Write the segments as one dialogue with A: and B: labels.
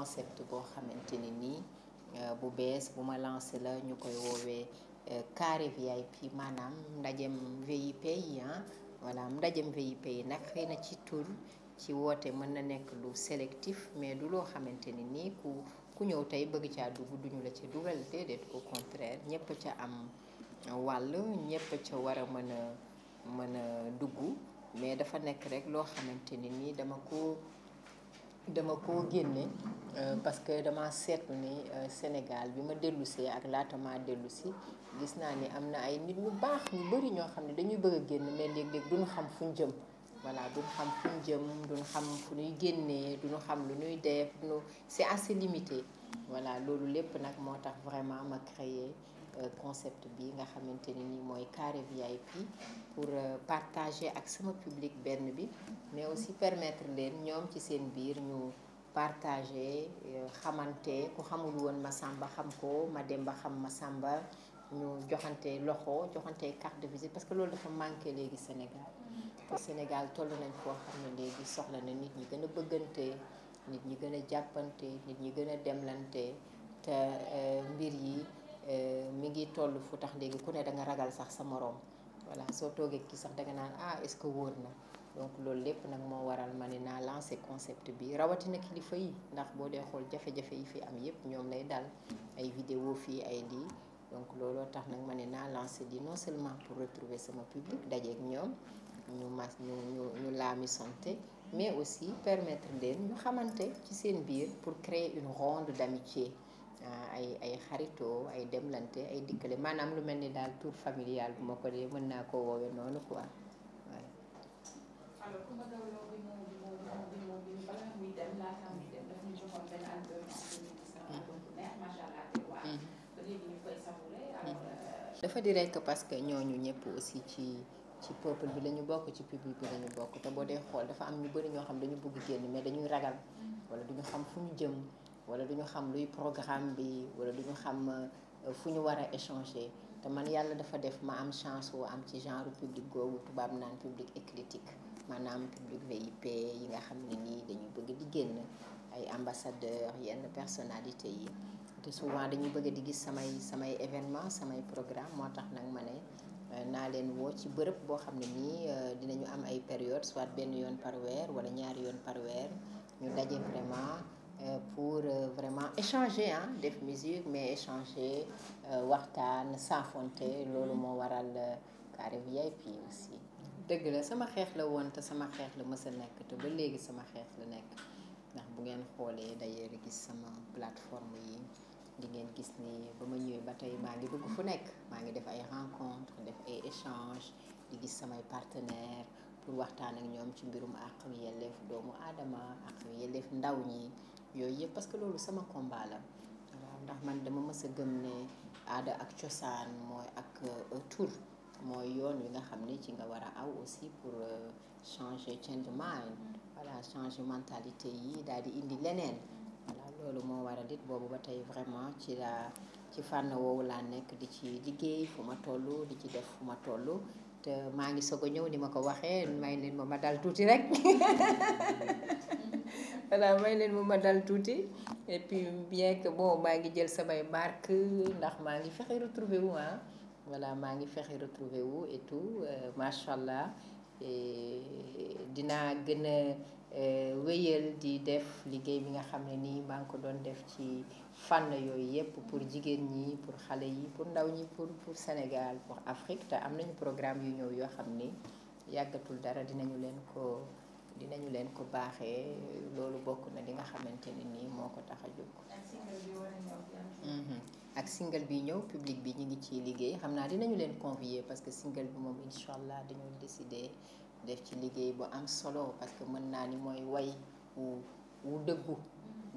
A: concept boo xamante ne nii euh, bu bees bu ma lancé la ñu koy woowee euh, carré VIP maanaam ndajem VIP yi ah ndajem VIP yi nag xëy na ci tur ci woote mën na nekk lu sélectif mais du loo xamante ni nii ku ku ñëw tey bëgg caa dugg duñu la ci dugal déedéet au contraire ñëpp ca am wàll ñëpp ca war a mën a mën a dugg mais dafa nekk rek loo xamante ni dama ko dama ko génne euh, parce que dama seetlu ni euh, Sénégal bi ma dellusee ak laata maa dellusi gis naa ni am na ay nit ñu baax ñu bëri ñoo xam ne dañuy bëgg a génn mais léeg-léeg duñu xam fu ñu jëm voilà duñu xam fu ñu jëm du xam fu ñuy génnee duñu xam lu ñuy def duñu c'est assez limité voilà loolu lépp nag moo tax vraiment ma créer Euh, concept bi nga xamante ne nii mooy carré VIP pour euh, partager ak suma public benn bi mais aussi permettre leen ñoom ci seen biir ñu partager euh, xamante ku xamul woon Masamba xam ko ma dem ba xam Masamba ñu joxante loxo joxante carte de visite parce que loolu dafa manqué léegi Sénégal te Sénégal toll nañ koo xam ne léegi soxla na nit ñi gën a bëggante nit ñi gën a jàppante nit ñi gën a demlante te mbir yi Eh, mi ngi toll fu tax léegi ku ne da nga ragal sax sa moroom voilà soo toogee kii sax da nga naan ah est-ce que wóor na donc loolu lépp nag moo waral ma ne naa lancé concept bi rawatina kilifa yi ndax boo dee xool jafe-jafe yi fi am yépp ñoom lay dal ay vidéo fii ay lii donc looloo tax nag ma ne naa lancé di non seulement pour retrouver sama public dajeek ñoom ñu mas ñu ñu ñu laami santé mais aussi permettre leen ñu xamante ci seen biir pour créer une ronde d'amitié Euh, ay ay xaritoo ay demlante ay dikkale maanaam lu mel ni daal tour familial bu ma ko dee mën naa koo woowe noonu quoi voilà. alors ku hmm. waa hmm. hmm. euh, dafa di rekk parce que ñooñu ñëpp aussi ci ci peuple bi la bokk ci public bi la bokk te boo dee xool dafa am ñu bari ñoo xam dañu bëgg génn mais dañuy ragal wala duñu xam fu ñu jëm wala du ñu xam luy programme bi wala du ñu xam euh, fu ñu war a échanger te man yàlla dafa def ma am chance woo am ci genre public googu tubaab naan public éclectique maanaam public VIP yi nga xam ne nii dañu bëgg di génn ay ambassadeurs yenn personnalité yi te souvent dañuy bëgg di gis samay samay événement samay programme moo tax nag ma ne euh, naa leen woo ci bërëb boo xam ne nii euh, dinañu am ay période soit benn yoon par weer wala ñaari yoon par weer ñu Euh, pour euh, vraiment échanger ah def musique mais échanger euh, waxtaan saafonte loolu moo waral carré VIP aussi. dëgg la sama xeex la woon te sama xeex la mës a nekk te ba léegi sama xeex la nekk ndax bu ngeen xoolee d'ailleurs gis sama plateforme yi di ngeen gis ni ba ma ñëwee ba tey maa ngi dugg fu nekk maa ngi def ay rencontre def ay échange di gis samay partenaire pour waxtaan ak ñoom ci mbirum àq yelleef doomu aadama àq yelleef ndaw ñi yooyu yëpp parce que loolu sama combat waaw ndax man dama mës a gëm ne aada ak cosaan mooy ak euh, tur mooy yoon wi nga xam ne ci nga war a aw aussi pour euh, changer change mind voilà changer mentalité yi daal di indi leneen voilà loolu moo war a dit boobu ba tey vraiment ci la ci fànn woowu laa nekk di ci liggéey fu ma toll di ci def fu ma toll te maa ngi soog ko ñëw ni ma ko waxee may leen ma ma dal tuuti rek voilà may leen mu ma dal tuuti et bien que bon maa ngi jël samay marque ndax maa ngi fexe retrouver wu ah voilà maa ngi fexe retrouver wu et tout euh, macha allah dinaa gën a euh, wéyal di def liggéey bi nga xam ne nii maa ngi ko doon def ci fànn yooyu yépp pour jigéen ñi pour xale yi pour ndaw ñi pour pour Sénégal pour Afrique te am nañu programme yu ñëw yoo xam ni yàggatul dara dinañu leen ko. dinañu leen ko baaxee loolu bokk na li nga xamante ni nii moo ko tax a jóg. ak single bi mhm. ñëw public bi ñu ngi ciy liggéey xam naa dinañu leen convier parce que single bi moom incha allah dañu décider def ci liggéey bu am solo parce que mën naa ni mooy way wu wu dëggu.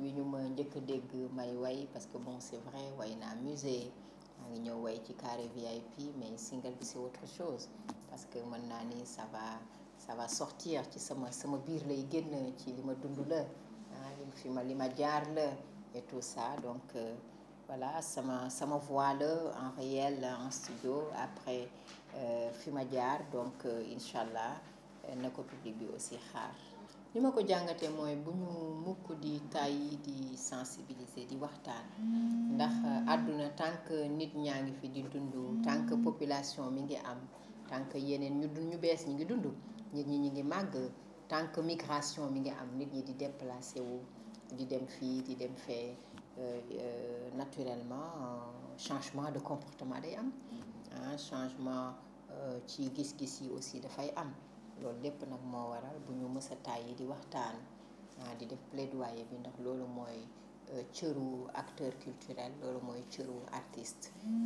A: wi ñu ma njëkk dégg may way parce que bon c'est vrai way naa musée maa ngi ñëw way ci carré VIP mais single bi c'est autre chose parce que mën naa ni ça ça va sortir ci sama sama biir lay génn ci li ma dund la ah li ma li ma jaar la et tout ça donc euh, sama sama voix la en réel en studio après euh, fi ma jaar donc euh, incha allah euh, na ko public bi aussi xaar. ni ma ko jàngatee mooy bu ñu mukk di tàyyi di sensibiliser di waxtaan ndax àdduna tànk nit ñaa ngi fi di dund tànk population mi ngi am tànk yeneen ñu dund ñu bees ñi ngi dund. nit ñi ñu ngi màgg tant que migration mi ngi am nit ñi di déplacé wu di dem fii di dem fee euh, euh, naturellement changement de comportement day am ah changement euh, ci gis-gis yi aussi dafay am loolu lépp nag moo waral bu ñu mës a yi di waxtaan ah, di def plaidoyer bi ndax loolu mooy cëru acteur culturel loolu mooy cëru artiste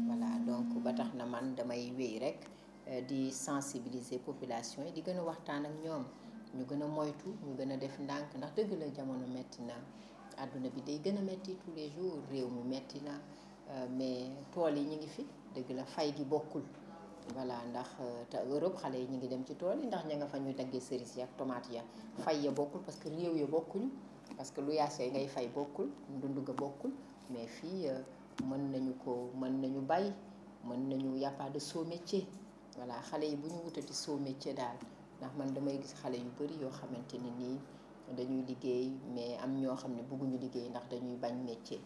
A: voilà donc ba tax na man damay wéy rek Euh, di sensibiliser population yi di gën a waxtaan ak ñoom ñu gën a moytu ñu gën a def ndànk ndax dëgg la jamono metti na àdduna bi day gën a metti tous les jours réew mi metti na euh, mais tool yi ñu ngi fi dëgg la fay gi bokkul voilà ndax euh, te Europe xale yi ñu ngi dem ci tool ndax ña nga fa ñuy daggee cerise ya ak tomate ya fay ya bokkul parce que réew ya bokkuñu parce que lu yaas ya ngay fay bokkul ndund ga bokkul mais fii mën nañu ko mën nañu bay mën nañu y a pas de voilà xale yi bu ñu wutati soo métier daal ndax man damay gis xale yu bëri yoo xamante ne nii dañuy liggéey mais am ñoo xam ne bëgguñu liggéey ndax dañuy bañ métier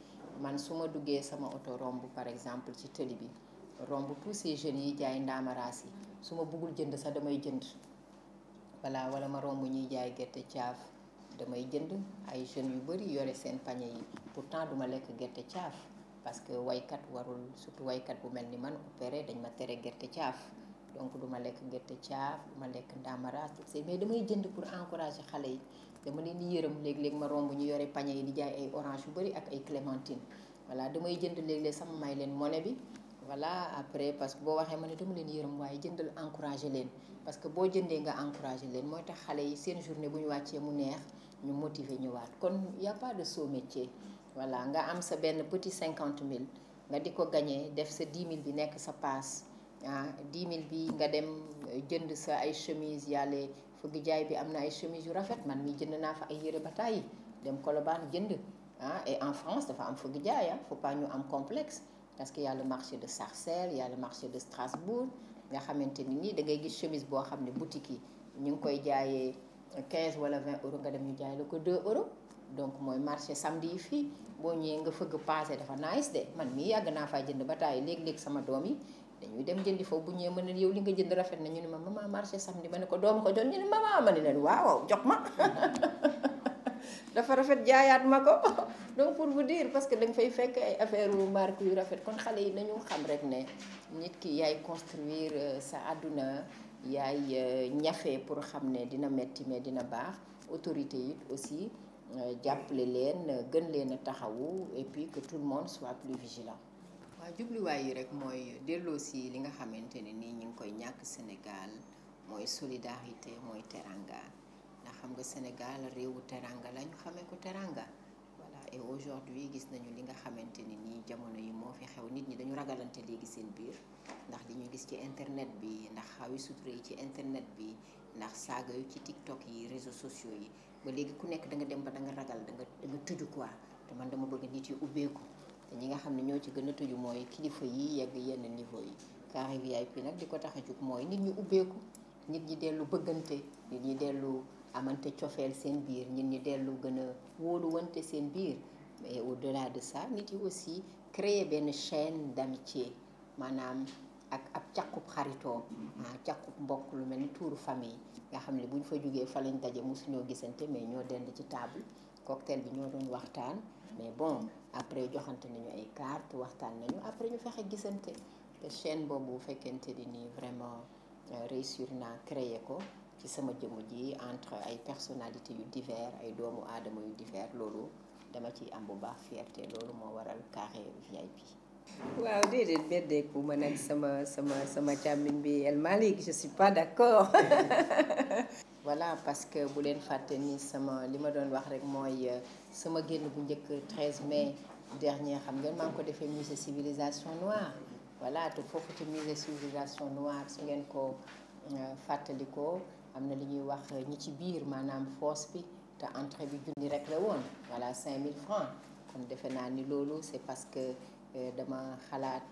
A: man su ma duggee sama oto romb par exemple ci tëli bi romb tous ces jeunes yi jaay ndaamaraas yi su ma bëggul jënd sax damay jënd voilà wala ma romb ñuy jaay gerte caaf damay jënd ay jeunes yu bëri yore seen pañe yi pour pourtant duma lekk gerte caaf parce que waykat warul surtout waykat bu mel ni man opéré dañ ma tere gerte caaf donc du ma lekk gerte caaf du ma lekk ndamaraas mais damay jënd pour encourager xale yi dama leen di yërëm léeg-léeg ma romb ñu yore pañe yi di jaay ay orange yu bëri ak ay clémentine voilà damay jënd léeg-léeg sama may leen monnaie bi voilà après parce que boo waxee ma ne dama leen yërëm waaye jëndal encourager leen parce que boo jëndee nga encourager leen mooy tax xale yi seen journée bu ñu wàccee mu neex ñu motiver ñëwaat kon y a pas de sot métier nga am sa benn petit cinquante mille nga di ko gagné def sa dix mille bi nekk sa paas ah 10 000 bi nga dem euh, jënd sa ay chemise yàlla fëgg jaay bi am na ay chemise yu rafet man mi jënd naa fa ay yére ba tàyyi dem Colobane jënd ah et en France dafa am fëgg jaay ah faut pas complexe parce que y a de Sarcelles y a le marché de nga xamante ni nii da ngay gis chemise boo xam ne boutique yi ñu ngi koy jaayee quinze wala 20 euros nga dem ñu jaay la ko 2 euros donc mooy marché samedi yi fii boo ñëwee nga fëgg passé dafa nice de man mii yàgg naa faa jënd ba tàyyi léeg-léeg sama doom yi. dañuy dem jëndi foofu bu ñëwee ma ne yow li nga jënd rafet na ñu ne ma maman marché samedi ma ne ko doomu ko jox ñu ne maman jox ma dafa rafet jaayaat ma ko donc pour vous dire parce que da fay fekk ay affaire wu marque yu rafet kon xale yi nañu xam rek ne nit ki yaay construire euh, sa àdduna yaay euh, ñafe pour xam ne dina metti mais dina baax autorité yi aussi euh, jàppale leen gën leen a taxawu et puis que tout le monde soit plus vigilant jubluwaay yi rek mooy delloo si li nga xamante ne nii ñu ngi koy ñàkk Sénégal mooy solidarité mooy teranga ndax xam nga Sénégal réewu teranga la xame ko teranga voilà et aujourd'hui gis nañu li nga xamante ni nii jamono yi moo fi xew nit ñi dañu ragalante léegi seen biir ndax li ñu gis ci internet bi ndax xawi suture yi ci internet bi ndax saaga yu ci TikTok yi réseaux sociaux yi ba léegi ku nekk da nga dem ba da nga ragal da nga da nga tëju quoi te man dama bëgg ñi nga xam ne ñoo ci gën a tuju mooy kilifa yi yegg yenn niveau yi carré VIP nag di ko tax a jug mooy nit ñi ubbeeku nit ñi dellu bëggante nit ñi dellu amante cofeel seen biir nit ñi dellu gën a wóoluwante seen biir mais au delà de ça nit yi aussi créer benn chaîne d'amitié maanaam ak ab càqub xaritoo ah càqub mbokk lu mel ni tuuru famille nga xam ne bu fa jógee fa lañ daje mosuñoo gisante mais ñoo dend ci table cocktail bi ñoo doon waxtaan mais bon après joxante nañu ay carte waxtaan nañu après ñu fexe gisante te chaîne boobu fekkente di nii vraiment euh, réussir naa créer ko ci sama jëmm ji entre ay personnalités yu divers ay doomu aadama yu divers loolu dama ciy am bu baax fierte loolu moo waral carré VIP. waaw déedéet beddeeku ma nag sama sama sama càmmiñ bi El Malick je suis pas d'accord voilà parce que bu leen fàtte ni sama li ma doon wax rek mooy euh, sama génn bu njëkk 13 mai dernier xam ngeen maa ngi ko defee musée civilisation noire voilà te foofu ci musée civilisation noire su ngeen ko euh, fàttali ko am na li ñuy wax euh, ñi ci biir maanaam force bi te entrée bi junni rek la woon voilà 5000 francs kon defe naa ni loolu c'est parce que dama xalaat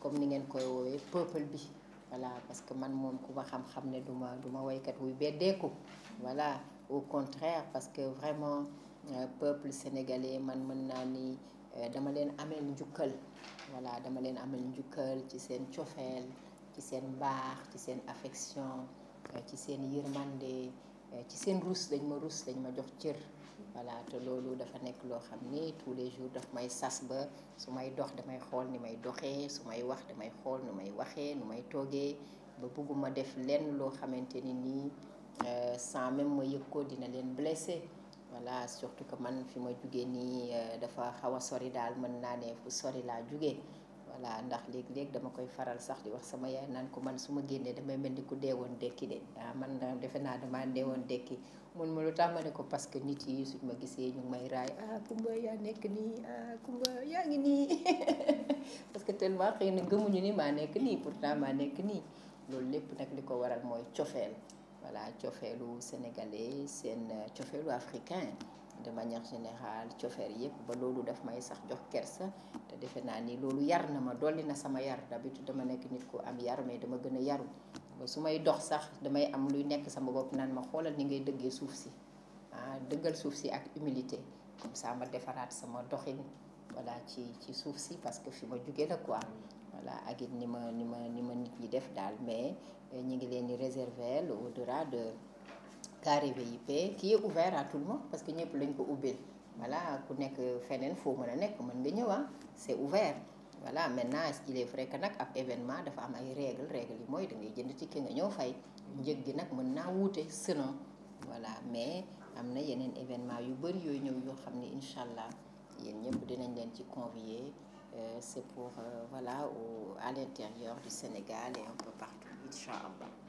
A: comme ni ngeen koy woowee peuple bi voilà parce que man moom ku ma xam-xam ne duma ma du ma woykat wuy beddeeku voilà au contraire parce que vraiment euh, peuple sénégalais man mën naa ni euh, dama leen ameel njukkal voilà dama leen ameel njukkal ci seen cofeel ci seen mbaax ci seen affection euh, ci seen yërmande ci seen rus dañ ma rus dañ ma jox cër voilà te loolu dafa nekk loo xam ni tous les jours dafa may sas ba su may dox damay xool ni may doxee su may wax damay xool nu may waxee nu may toogee ba bëgguma def lenn loo xamante ni nii euh, sans même ma yëg ko dina leen blessé voilà surtout que man fi ma jugee nii euh, dafa xaw a sori daal mën naa ne fu sori laa jugee voilà ndax léeg-léeg dama koy faral sax di wax sama yaay naan ko man su ma génnee damay mel ni ku deewoon dekki de ah man defe naa damaa deewoon dekki mun ma lu tax ko parce que nit yi suñ ma gisee ñu may raay ah Kumba yaa nekk nii ah Kumba yaa ngi nii parce que tellement xëy gëmuñu nii maa nekk nii pourtant maa nekk nii loolu lépp nag li ko waral mooy cofeel voilà cofeelu sénégalais seen cofeelu africain de manière générale cofeer yëpp ba loolu daf may sax jox kersa te defe naa ni loolu yar na ma dolli na sama yar d'habitude dama nekk nit ku am yar mais dama gën a yaru ba su may dox sax damay am luy nekk sama bopp naan ma xoolal ni ngay dëggee suuf si ah dëggal suuf si ak humilité comme ça ma defaraat sama doxin voilà ci ci suuf si parce que fi ma jugee la quoi voilà ak it ni ma ni ma ni ma nit ñi def daal mais eh, ñu ngi leen di réserver au-delà carré VIP eh, kii est ouvert à tout le monde parce que ñëpp lañ ko ubbil voilà ku nekk feneen foo mën a nekk mën nga ñëw ah c'est ouvert voilà maintenant est-ce qu'il est que nag ab événement dafa am ay règle règle yi mooy da jënd ticket nga ñëw fay njëg gi nag mën naa wuute sinon voilà mais am na yeneen événement yu bëri yooyu ñëw yoo xam ne incha allah yéen ñëpp dinañ leen ci convier euh, c'est pour euh, voilà au à l'intérieur du Sénégal et un peu partout incha allah